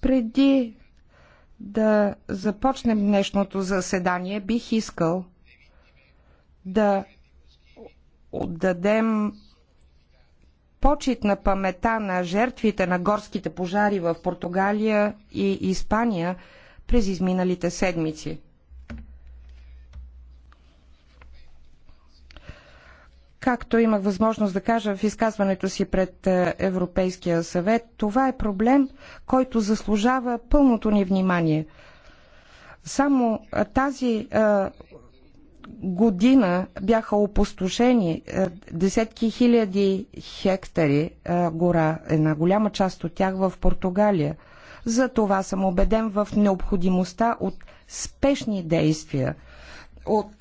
Преди да започнем днешното заседание, бих искал да отдадем почет на памета на жертвите на горските пожари в Португалия и Испания през изминалите седмици. Както имах възможност да кажа в изказването си пред е, Европейския съвет, това е проблем, който заслужава пълното ни внимание. Само е, тази е, година бяха опустошени десетки хиляди хектари гора, една голяма част от тях в Португалия. За това съм убеден в необходимостта от спешни действия, от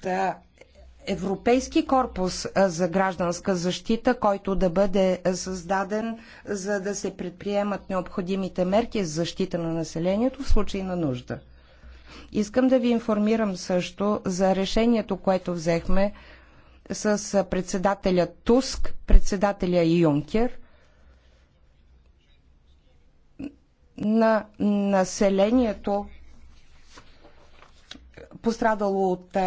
европейски корпус за гражданска защита, който да бъде създаден, за да се предприемат необходимите мерки за защита на населението в случай на нужда. Искам да ви информирам също за решението, което взехме с председателя Туск, председателя Юнкер на населението пострадало от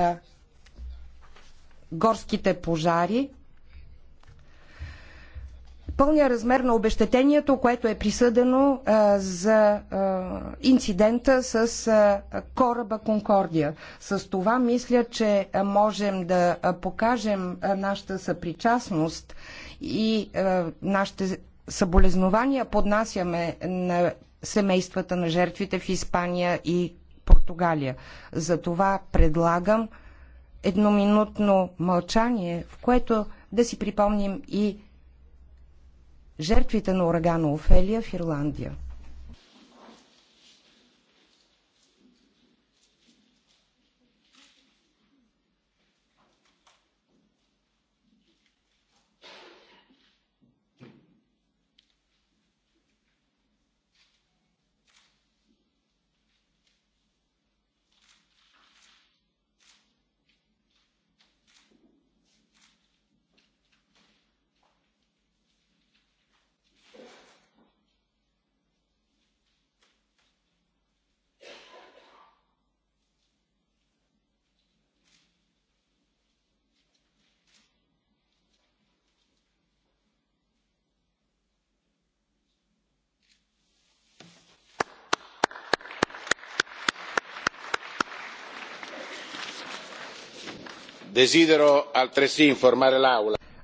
горските пожари. Пълния размер на обещетението, което е присъдено а, за а, инцидента с а, кораба Конкордия. С това мисля, че можем да покажем нашата съпричастност и а, нашите съболезнования поднасяме на семействата на жертвите в Испания и Португалия. За това предлагам едноминутно мълчание, в което да си припомним и жертвите на урагана Офелия в Ирландия.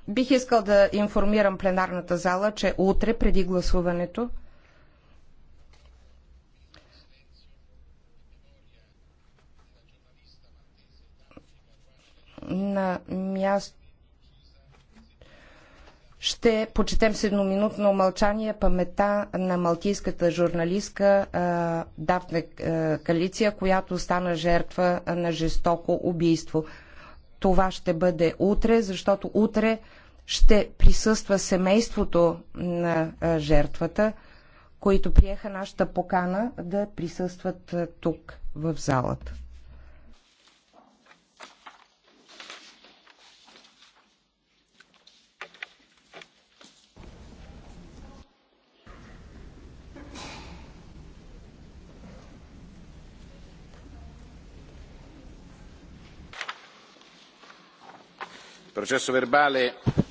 Бих искал да информирам пленарната зала, че утре преди гласуването на място ще почетем с едноминутно мълчание памета на малтийската журналистка Дафне Калиция, която стана жертва на жестоко убийство това ще бъде утре, защото утре ще присъства семейството на жертвата, които приеха нашата покана да присъстват тук в залата. processo verbale